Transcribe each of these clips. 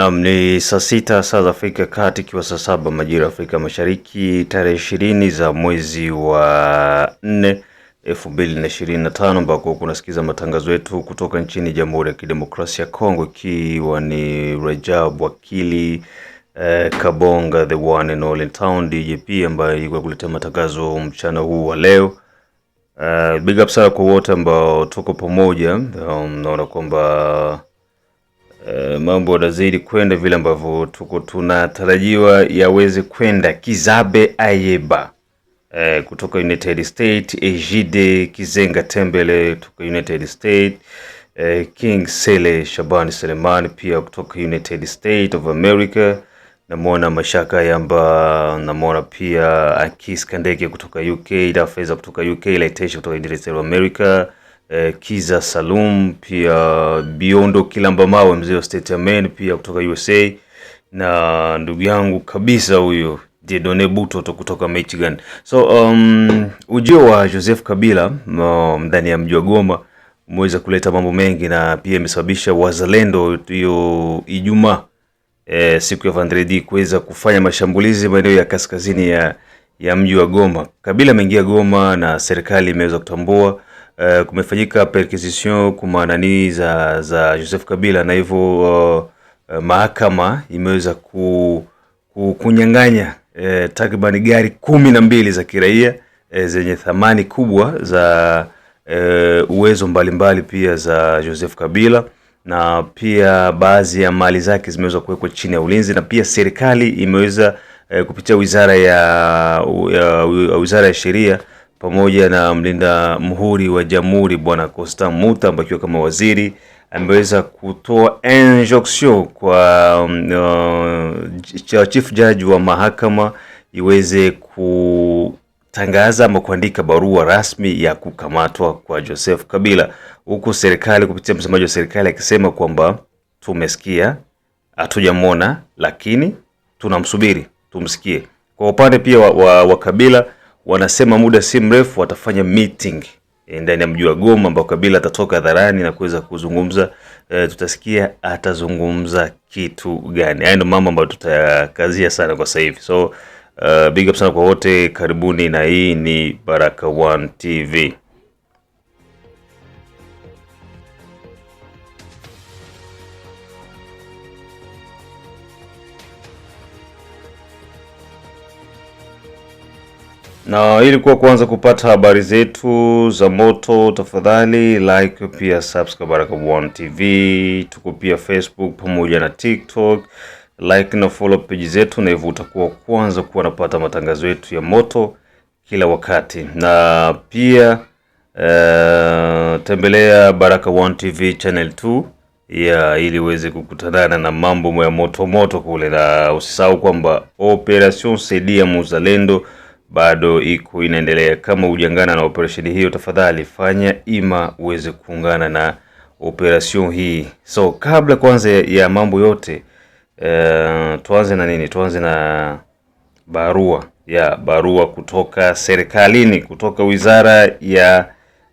Naam, ni saa sita saa za Afrika Kati, ikiwa saa saba majira ya Afrika Mashariki, tarehe ishirini za mwezi wa nne elfu mbili na ishirini na tano ambako kunasikiza matangazo yetu kutoka nchini Jamhuri ya Kidemokrasia ya Kongo, ikiwa ni Rajab Wakili eh, Kabonga the one and all in town DJP ambaye yuko kuletea matangazo mchana huu wa leo. Uh, big up sana kwa wote ambao tuko pamoja. Um, naona kwamba Eh, mambo yanazidi kwenda vile ambavyo tuko tunatarajiwa yaweze kwenda. Kizabe Ayeba e, kutoka United States, Ejide Kizenga Tembele kutoka United States, e, King Sele Shabani seleman pia kutoka United state of America namwona Mashaka Yamba, namwona pia Akis Kandeke kutoka UK, Dafeza kutoka UK, Laitesha kutoka United States of America eh, Kiza Salum, pia Biondo Kilamba Mawe, mzee wa State Amen, pia kutoka USA, na ndugu yangu kabisa huyo Diedone Butoto kutoka Michigan. So um, ujio wa Joseph Kabila um, ndani um, ya mji wa Goma umeweza kuleta mambo mengi na pia imesababisha wazalendo hiyo Ijumaa e, siku ya Vendredi kuweza kufanya mashambulizi maeneo ya kaskazini ya, ya mji wa Goma. Kabila ameingia Goma na serikali imeweza kutambua uh, kumefanyika perquisition kumananii za za Joseph Kabila na hivyo uh, mahakama imeweza ku, ku, kunyang'anya eh, takriban gari kumi na mbili za kiraia eh, zenye thamani kubwa za eh, uwezo mbalimbali mbali pia za Joseph Kabila na pia baadhi ya mali zake zimeweza kuwekwa chini ya ulinzi, na pia serikali imeweza eh, kupitia wizara ya, ya, wizara ya sheria pamoja na mlinda mhuri wa jamhuri Bwana Constant Muta akiwa kama waziri ameweza kutoa injonction kwa um, uh, chief judge wa mahakama iweze kutangaza ama kuandika barua rasmi ya kukamatwa kwa Joseph Kabila, huku serikali kupitia msemaji wa serikali akisema kwamba tumesikia, hatujamwona, lakini tunamsubiri tumsikie. Kwa upande pia wa, wa, wa Kabila wanasema muda si mrefu watafanya meeting eh, ndani ya mji wa Goma ambao Kabila atatoka hadharani na kuweza kuzungumza e, tutasikia atazungumza kitu gani. haya ndio mambo ambayo tutayakazia sana kwa sasa hivi. So uh, big up sana kwa wote, karibuni na hii ni Baraka One TV. na ili kuwa kwanza kupata habari zetu za moto, tafadhali like pia subscribe Baraka One TV. Tuko pia Facebook pamoja na TikTok, like na follow page zetu, na hivyo utakuwa kwanza kuwa napata matangazo yetu ya moto kila wakati, na pia uh, tembelea Baraka One TV channel 2 ya ili uweze kukutanana na mambo ya moto moto kule, na usisahau kwamba Operation Saidia Muzalendo bado iko inaendelea. Kama hujangana na operesheni hiyo, tafadhali fanya ima uweze kuungana na operation hii. So kabla kwanza ya mambo yote uh, tuanze na nini? Tuanze na barua ya yeah, barua kutoka serikalini kutoka wizara ya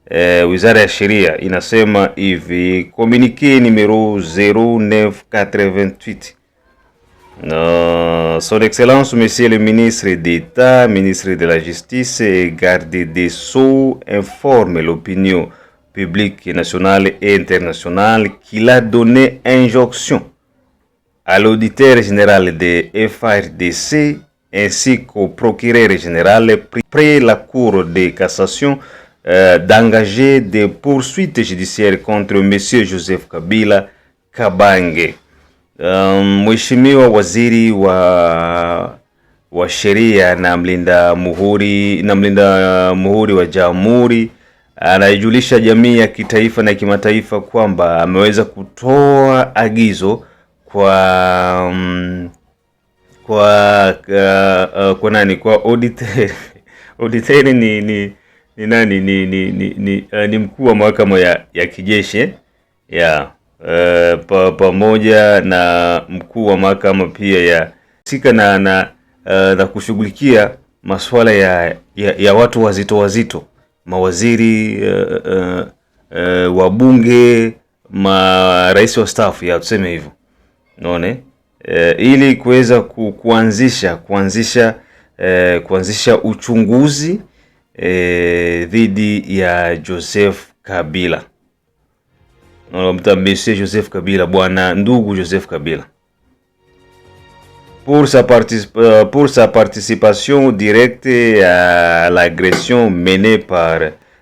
eh, wizara ya sheria inasema hivi: communique numero 0988 Son Excellence, Monsieur le ministre d'État, ministre de la Justice et garde des Sceaux, informe l'opinion publique nationale et internationale qu'il a donné injonction à l'auditeur général de FRDC ainsi qu'au procureur général près la Cour de cassation euh, d'engager des poursuites judiciaires contre Monsieur Joseph Kabila Kabange. Um, Waziri wa wa Sheria na mlinda muhuri na mlinda uh, muhuri wa Jamhuri anaijulisha jamii ya kitaifa na kimataifa kwamba ameweza kutoa agizo kwa um, kwa uh, uh, kwa nani kwa auditor auditor ni ni ni nani ni ni ni, ni, uh, ni mkuu wa mahakama ya ya kijeshi ya yeah. Eh, pa, pamoja na mkuu wa mahakama pia ya sika na na, uh, na kushughulikia masuala ya, ya, ya watu wazito wazito mawaziri uh, eh, uh, uh, wabunge marais wa staff ya tuseme hivyo naone uh, ili kuweza ku, kuanzisha kuanzisha uh, kuanzisha uchunguzi uh, dhidi ya Joseph Kabila. Unamtambishie Joseph Kabila, bwana ndugu Joseph Kabila pour sa, particip, euh, pour sa participation directe à l'agression menée par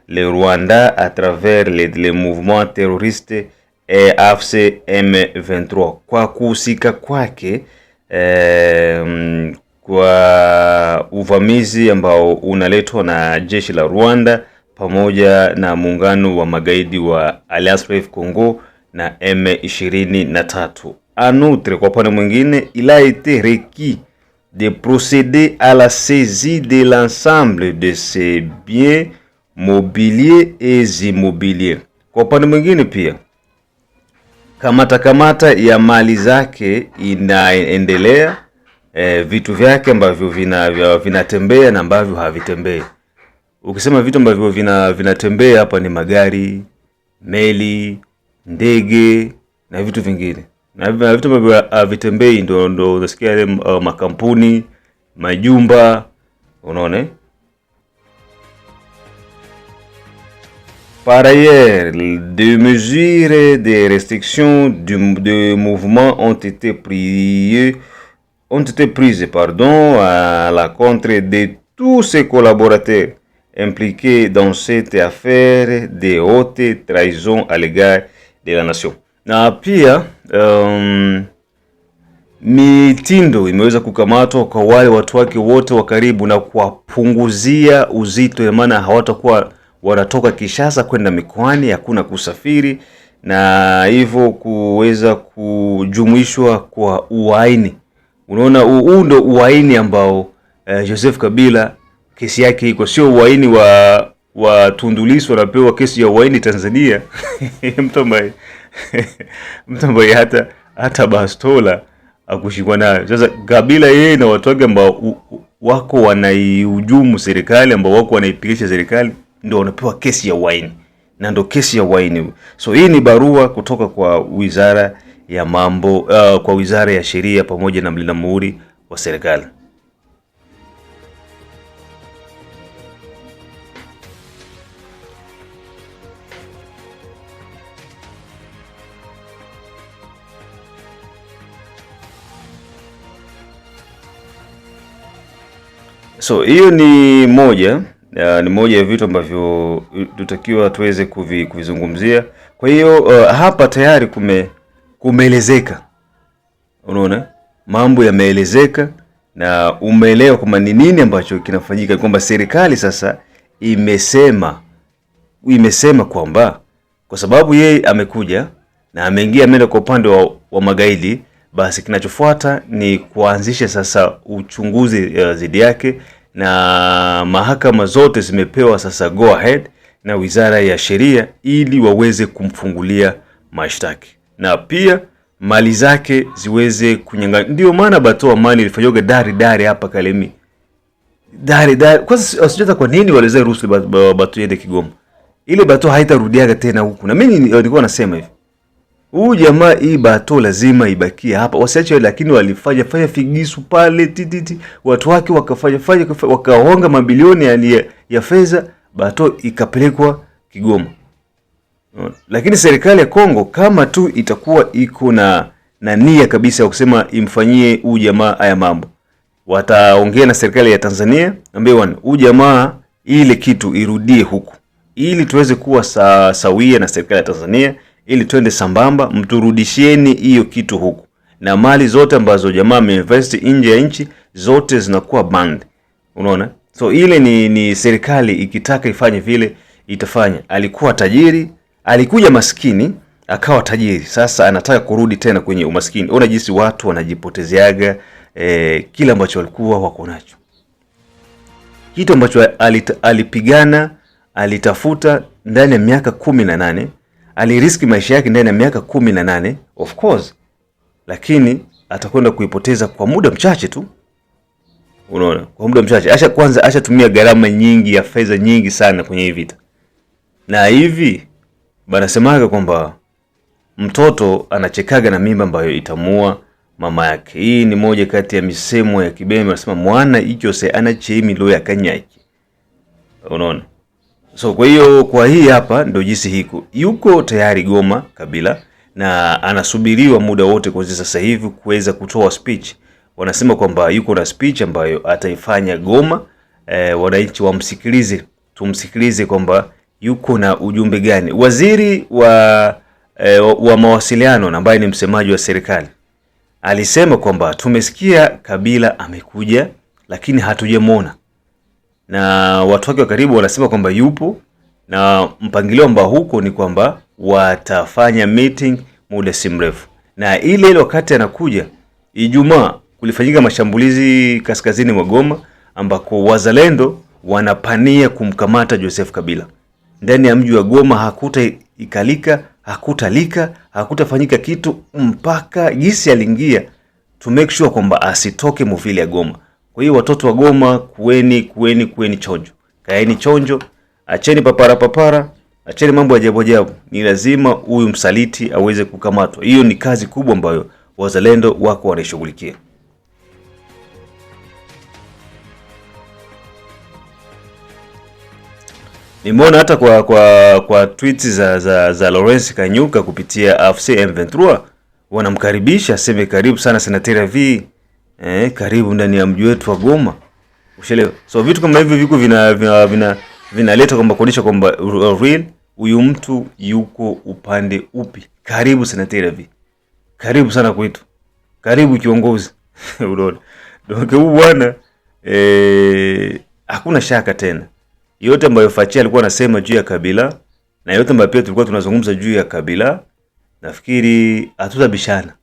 le Rwanda à travers les, les mouvements terroristes et AFC M23 kwa kuhusika kwake eh, kwa uvamizi ambao unaletwa na jeshi la Rwanda pamoja na muungano wa magaidi wa Alliance-Fleuve Congo na M23. anutre kwa upande mwingine, il a été requis de procéder à la saisie de l'ensemble de ses biens mobiliers et immobiliers. Kwa upande mwingine pia kamata kamata ya mali zake inaendelea, eh, vitu vyake ambavyo vinatembea vina na ambavyo havitembei. Ukisema vitu ambavyo vina vinatembea hapa ni magari, meli, ndege na vitu vingine, na vitu ambavyo havitembei ndo ndo unasikia yale uh, makampuni, majumba, unaona eh? Par ailleurs, des mesures de restriction restrictions du, de mouvement ont été prises, ont été prises pardon, à la contre de tous ses collaborateurs. impliqué dans cette affaire de haute trahison à l'égard de la nation. Na pia um, mitindo imeweza kukamatwa kwa wale watu wake wote wa karibu na kuwapunguzia uzito, maana hawatakuwa wanatoka Kishasa kwenda mikoani, hakuna kusafiri na hivyo kuweza kujumuishwa kwa uaini. Unaona, huu ndo uaini ambao eh, Joseph Kabila kesi yake iko sio uhaini wa wa Tundu Lissu wanapewa kesi ya uhaini Tanzania. mtu ambaye mtu ambaye hata hata bastola akushikwa nayo. Sasa Kabila yeye na watu wake ambao wako wanaihujumu serikali, ambao wako wanaipigisha serikali, ndio wanapewa kesi ya uhaini na ndo kesi ya uhaini. So hii ni barua kutoka kwa wizara ya mambo uh, kwa wizara ya sheria pamoja na mlinda muhuri wa serikali. So hiyo ni moja uh, ni moja ya vitu ambavyo tutakiwa tuweze kuvi, kuvizungumzia. Kwa hiyo uh, hapa tayari kume kumeelezeka, unaona mambo yameelezeka na umeelewa kwamba ni nini ambacho kinafanyika, kwamba serikali sasa imesema imesema kwamba kwa sababu yeye amekuja na ameingia ameenda kwa upande wa, wa magaidi basi kinachofuata ni kuanzisha sasa uchunguzi dhidi eh, zidi yake na mahakama zote zimepewa sasa go ahead na Wizara ya Sheria ili waweze kumfungulia mashtaki na pia mali zake ziweze kunyanga. Ndio maana batoa mali ilifanyoga dari dari hapa Kalemi dari dari. Kwanza wasijata kwa nini waliweza ruhusu batu yende Kigoma, ile bato haitarudiaga tena huku, na mimi nilikuwa nasema hivi huu jamaa hii bato lazima ibakie hapa, wasiache. Lakini walifanya fanya figisu pale tititi, watu wake wakafanya fanya wakaonga mabilioni ya, ya fedha, bato ikapelekwa Kigoma. Lakini serikali ya Kongo kama tu itakuwa iko na na nia kabisa ya kusema imfanyie huu jamaa haya mambo, wataongea na serikali ya Tanzania, ambie wana huu jamaa ile kitu irudie huku, ili tuweze kuwa sa, sawia na serikali ya Tanzania ili twende sambamba, mturudishieni hiyo kitu huku, na mali zote ambazo jamaa ameinvest nje ya nchi zote zinakuwa band. Unaona, so ile ni, ni serikali ikitaka ifanye vile itafanya. Alikuwa tajiri, alikuja maskini akawa tajiri, sasa anataka kurudi tena kwenye umaskini. Ona jinsi watu wanajipotezeaga eh, kile ambacho walikuwa wako nacho, kitu ambacho alipigana alitafuta ndani ya miaka kumi na nane aliriski maisha yake ndani ya miaka kumi na nane of course, lakini atakwenda kuipoteza kwa muda mchache tu. Unaona, kwa muda mchache asha, kwanza ashatumia gharama nyingi ya fedha nyingi sana kwenye hii vita, na hivi banasemaga kwamba mtoto anachekaga na mimba ambayo itamua mama yake. Hii ni moja kati ya misemo ya Kibembe, anasema mwana ichose anachemi loya kanyaki. Unaona. So kwa hiyo kwa hii hapa ndo jinsi hiko yuko tayari Goma Kabila na anasubiriwa muda wote kuanzia sasa hivi kuweza kutoa speech. Wanasema kwamba yuko na speech ambayo ataifanya Goma, e, wananchi wamsikilize, tumsikilize kwamba yuko na ujumbe gani. Waziri wa, e, wa mawasiliano na ambaye ni msemaji wa serikali alisema kwamba tumesikia Kabila amekuja, lakini hatujamwona na watu wake wa karibu wanasema kwamba yupo, na mpangilio ambao huko ni kwamba watafanya meeting muda si mrefu, na ile ile wakati anakuja Ijumaa kulifanyika mashambulizi kaskazini mwa Goma ambako wazalendo wanapania kumkamata Joseph Kabila ndani ya mji wa Goma. Hakutaikalika, hakutalika, hakutafanyika kitu mpaka jinsi aliingia to make sure kwamba asitoke Mvili ya Goma. Kwa hiyo watoto wa Goma, kueni kueni kueni chonjo, kaeni chonjo, acheni papara papara, acheni mambo ya ajabu ajabu. Ni lazima huyu msaliti aweze kukamatwa. Hiyo ni kazi kubwa ambayo wazalendo wako wanaishughulikia. Nimeona hata kwa kwa kwa tweets za za, za Lawrence Kanyuka kupitia AFC M23 wanamkaribisha, aseme karibu sana senatera V eh, karibu ndani ya mji wetu wa Goma. Ushelewa? So vitu kama hivyo viko vina vinaleta vina, vina kwamba kuonyesha kwamba real huyu mtu yuko upande upi. Karibu sana Teravi. Karibu sana kwetu. Karibu kiongozi. Unaona? Donc huyu bwana eh, hakuna shaka tena. Yote ambayo Fachi alikuwa anasema juu ya Kabila na yote ambayo pia tulikuwa tunazungumza juu ya Kabila, nafikiri hatutabishana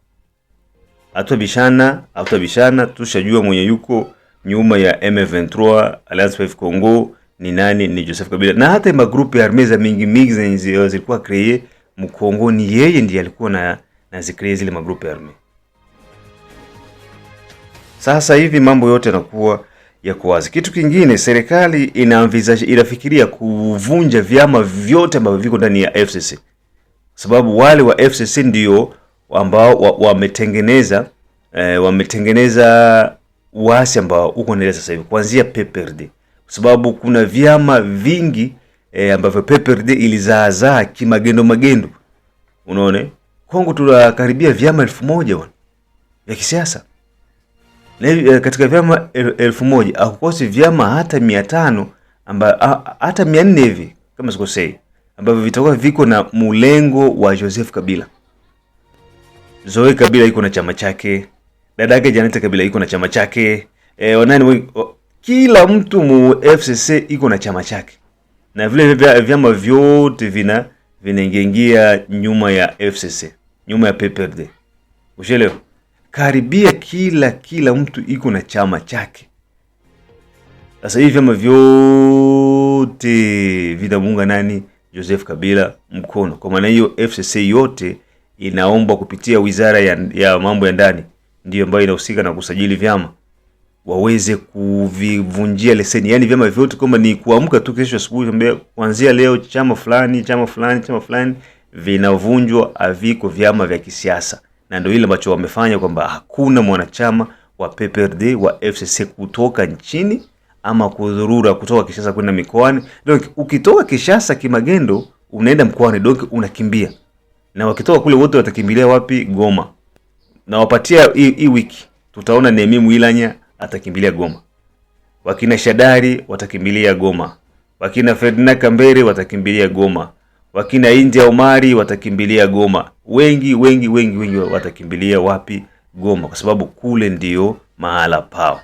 hatabishana hatabishana, tushajua mwenye yuko nyuma ya M23 Alliance Fleuve Congo ni nani? Ni Joseph Kabila. Na hata magrupu ya armee za mingi mingi zenye zilikuwa create mkongo ni yeye ndiye alikuwa na nazikree zile group ya armee. Sasa hivi mambo yote yanakuwa ya kuwazi. Kitu kingine, serikali inaanza inafikiria kuvunja vyama vyote ambavyo viko ndani ya FCC, sababu wale wa FCC ndio ambao wametengeneza wa eh, E, wametengeneza wasi ambao uko nile sasa hivi kuanzia PPRD kwa sababu kuna vyama vingi eh, ambavyo PPRD ilizaazaa kimagendo magendo. Unaona, Kongo tunakaribia vyama elfu moja wana, vya kisiasa na eh, katika vyama el, elfu moja akukosi vyama hata mia tano amba hata mia nne hivi kama sikosei, ambavyo vitakuwa viko na mulengo wa Joseph Kabila. Zoe Kabila iko na chama chake, dada yake Kabila iko na chama chake, e, wanani, kila mtu mu FCC iko na chama chake, na vile vyama vyote vina vinaingia nyuma ya FCC, nyuma ya PPRD. Ushaelewa? Karibia kila kila mtu iko na chama chake. Sasa hivi vyama vyote vinamuunga nani? Joseph Kabila mkono. Kwa maana hiyo FCC yote inaombwa kupitia wizara ya, ya mambo ya ndani ndio ambayo inahusika na kusajili vyama waweze kuvivunjia leseni, yaani vyama vyote, kwamba ni kuamka tu kesho asubuhi, kuanzia leo chama fulani chama fulani chama fulani vinavunjwa, haviko vyama vya kisiasa. Na ndio ile ambacho wamefanya kwamba hakuna mwanachama wa PPRD wa FCC kutoka nchini ama kudhurura kutoka Kishasa kwenda mikoani. Donc ukitoka Kishasa kimagendo unaenda mkoani, donc unakimbia na wakitoka kule wote watakimbilia wapi? Goma. Na wapatia hii wiki tutaona Nemi Mwilanya atakimbilia Goma, wakina Shadari watakimbilia Goma, wakina Ferdinand Kambere watakimbilia Goma, wakina India Omari watakimbilia Goma. Wengi wengi wengi wengi watakimbilia wapi? Goma, kwa sababu kule ndio mahala pao.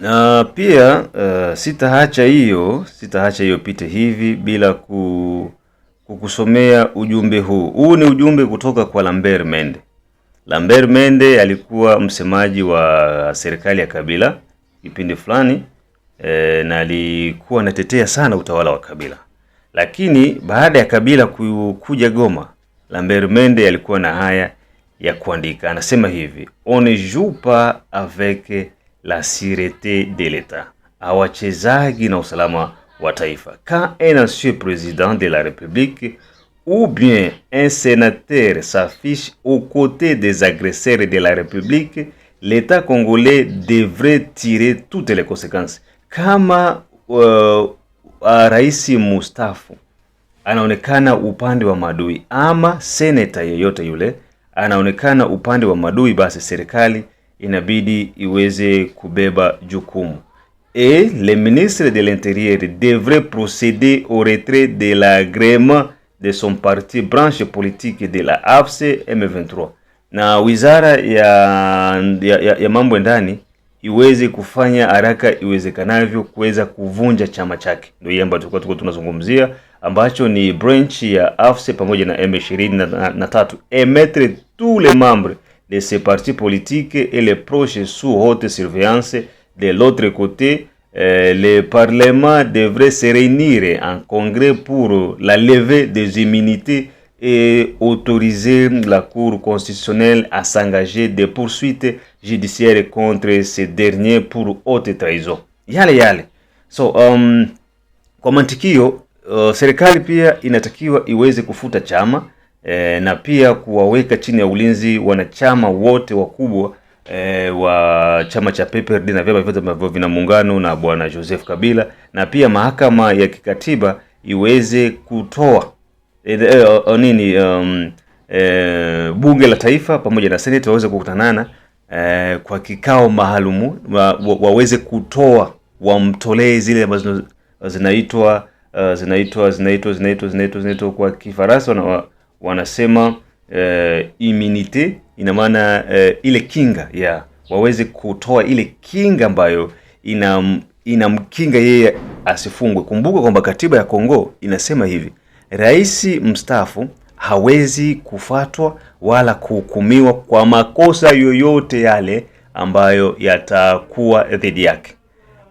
Na pia uh, sitaacha hiyo sitaacha hiyo pite hivi bila ku, kukusomea ujumbe huu. Huu ni ujumbe kutoka kwa Lambert Mende. Lambert Mende alikuwa msemaji wa serikali ya Kabila kipindi fulani e, na alikuwa anatetea sana utawala wa Kabila, lakini baada ya Kabila kuja Goma, Lambert Mende alikuwa na haya ya kuandika, anasema hivi: on joue pas avec la Sirete de l'Etat awachezagi na usalama wa taifa. Quand un ancien président de la République ou bien un sénateur s'affiche aux côtés des agresseurs de la République, l'État congolais devrait tirer toutes les conséquences. Kama euh, uh, raisi mustafu anaonekana upande wa madui ama seneta yeyote yule anaonekana upande wa madui, basi serikali inabidi iweze kubeba jukumu et le ministre de l'Intérieur devrait procéder au retrait de l'agrément de son parti branche politique de la AFC M23 na wizara ya, ya, ya, ya mambo ndani iweze kufanya haraka iwezekanavyo kuweza kuvunja chama chake. Ndio hiyo ambayo tulikuwa tuko tunazungumzia ambacho ni branch ya AFC pamoja na M23 emettre tous les membres de ces partis politiques et les proches sous haute surveillance. De l'autre côté, euh, le Parlement devrait se réunir en congrès pour la levée des immunités et autoriser la Cour constitutionnelle à s'engager des poursuites judiciaires contre ces derniers pour haute trahison. Yale yale. So um, kwa mantikio uh, serikali pia inatakiwa iweze kufuta chama e, na pia kuwaweka chini ya ulinzi wanachama wote wakubwa e, wa chama cha PPRD na vyama vyote ambavyo vina muungano na bwana Joseph Kabila, na pia mahakama ya kikatiba iweze kutoa e, e, o, nini um, e, bunge la taifa pamoja na seneti waweze kukutanana e, kwa kikao maalumu wa, wa, waweze kutoa wamtolee zile ambazo zinaitwa uh, zinaitwa zinaitwa zinaitwa zinaitwa kwa Kifaransa na wanasema uh, immunity ina maana uh, ile kinga yeah, waweze kutoa ile kinga ambayo ina inamkinga yeye asifungwe. Kumbuka kwamba katiba ya Kongo inasema hivi, rais mstaafu hawezi kufatwa wala kuhukumiwa kwa makosa yoyote yale ambayo yatakuwa dhidi yake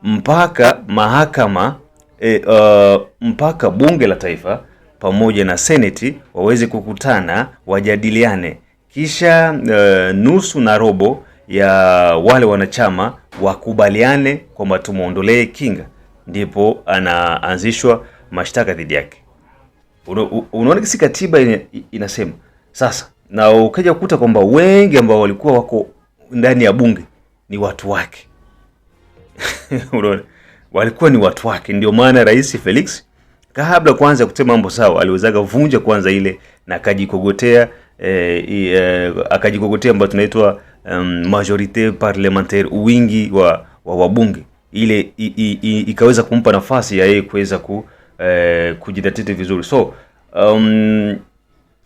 mpaka mahakama e, uh, mpaka bunge la taifa pamoja na seneti waweze kukutana wajadiliane, kisha e, nusu na robo ya wale wanachama wakubaliane kwamba tumwondolee kinga, ndipo anaanzishwa mashtaka dhidi yake. Unaona kisi katiba inasema sasa, na ukaja kukuta kwamba wengi ambao walikuwa wako ndani ya bunge ni watu wake. Unaona, walikuwa ni watu wake, ndio maana Rais Felix kabla kwanza kutema mambo sawa, aliwezaga vunja kwanza ile na akajikogotea eh, e, akajikogotea ambayo tunaitwa um, majorite parlementaire, wingi wa, wa wabunge ile i, i, i, ikaweza kumpa nafasi ya yeye kuweza ku, eh, kujidatiti vizuri. So um,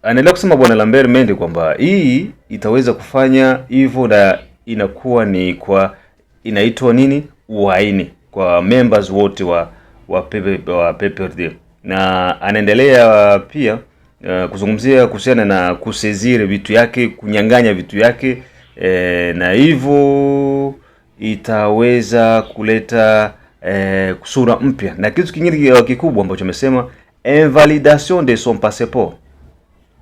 anaendelea kusema bwana Lambert Mende kwamba hii itaweza kufanya hivyo na inakuwa ni kwa inaitwa nini uaini kwa members wote wa wa Pepe, wa Pepe Guardiola na anaendelea uh, pia uh, kuzungumzia kuhusiana na kusezire vitu yake, kunyang'anya vitu yake e, na hivyo itaweza kuleta e, sura mpya, na kitu kingine uh, kikubwa ambacho amesema invalidation de son passeport,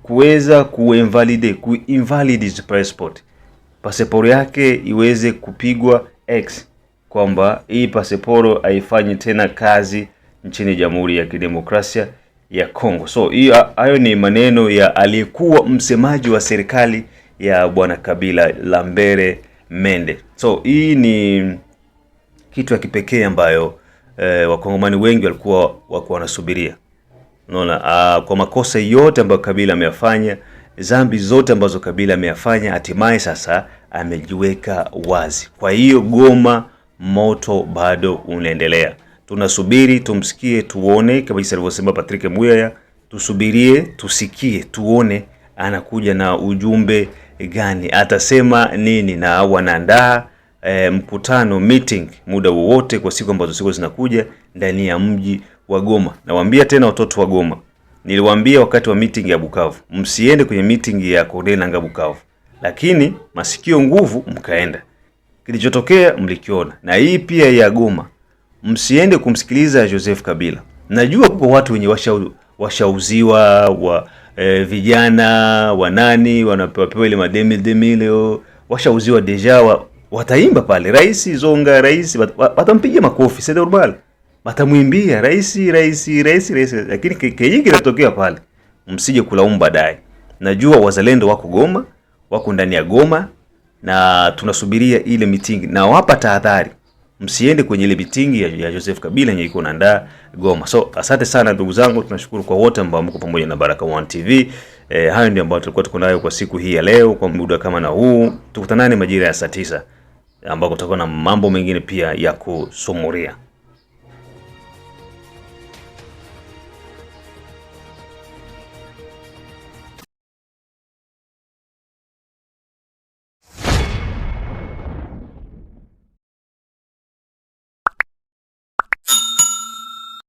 kuweza kuinvalide kuinvalid passport, passeport yake iweze kupigwa x kwamba hii pasiporo haifanyi tena kazi nchini Jamhuri ya Kidemokrasia ya Kongo. So hiyo hayo ni maneno ya aliyekuwa msemaji wa serikali ya bwana Kabila Lambere Mende. So hii ni kitu ya kipekee ambayo eh, wakongomani wengi walikuwa wako wanasubiria. Unaona, ah, kwa makosa yote ambayo Kabila ameyafanya, zambi zote ambazo Kabila ameyafanya, hatimaye sasa amejiweka wazi. Kwa hiyo Goma moto bado unaendelea. Tunasubiri tumsikie, tuone, kama jinsi alivyosema Patrick Muyaya, tusubirie, tusikie, tuone anakuja na ujumbe gani, atasema nini, na wanaandaa e, mkutano meeting muda wowote kwa siku ambazo siku zinakuja ndani ya mji wa Goma. Nawaambia tena watoto wa Goma, niliwaambia wakati wa meeting ya Bukavu, msiende kwenye meeting ya Corneille Nangaa Bukavu, lakini masikio nguvu mkaenda. Kilichotokea mlikiona, na hii pia ya Goma, msiende kumsikiliza Joseph Kabila. Najua kupo watu wenye washauziwa wa, e, vijana wanani wanapewa ile mademil demilio, washauziwa deja wa, wataimba pale rais zonga rais, watampiga makofi c'est normal, watamwimbia rais rais rais rais, lakini kenye kinatokea pale, msije kulaumu baadaye. Najua wazalendo wako Goma, wako ndani ya Goma na tunasubiria ile mitingi, na wapa tahadhari msiende kwenye ile mitingi ya Joseph Kabila yenye iko naandaa Goma. So asante sana ndugu zangu, tunashukuru kwa wote ambao mko pamoja na Baraka One TV. E, eh, hayo ndio ambayo tulikuwa tuko nayo kwa siku hii ya leo kwa muda kama na huu. Tukutanane majira ya saa tisa ambako tutakuwa na mambo mengine pia ya kusumuria.